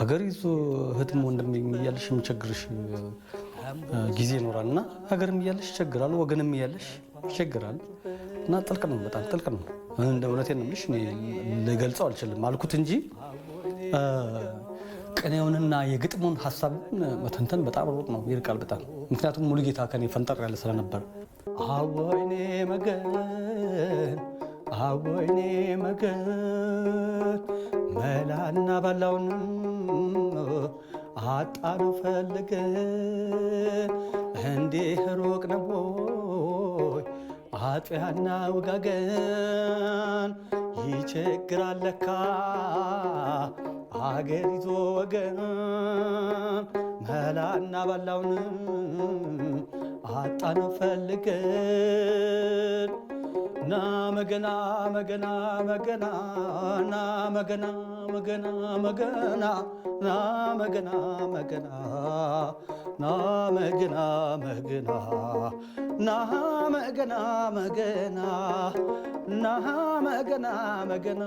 ሀገሪቱ እህትም ወንድም እያለሽ የሚቸግርሽ ጊዜ ይኖራል እና ሀገርም እያለሽ ይቸግራል፣ ወገንም እያለሽ ይቸግራል እና ጥልቅ ነው፣ በጣም ጥልቅ ነው። እንደ እውነቴን ነው የምልሽ ልገልጸው አልችልም አልኩት እንጂ ቅኔውንና የግጥሙን ሀሳብን መተንተን በጣም ሩቅ ነው፣ ይርቃል በጣም ምክንያቱም ሙሉጌታ ከኔ ፈንጠር ያለ ስለነበር አወይኔ መገን አወይኔ መገን በላና ባላውን አጣኑ ፈልገ እንዲህ ሩቅ ነው ወይ ውጋገን ለካ አገር ይዞ ወገን መላና ባላውን አጣኑ ፈልገን ና መገና መገና መገና ና መገና መገና መገና ና መገና መገና ና መገና መገና ና መገና መገና ና መገና መገና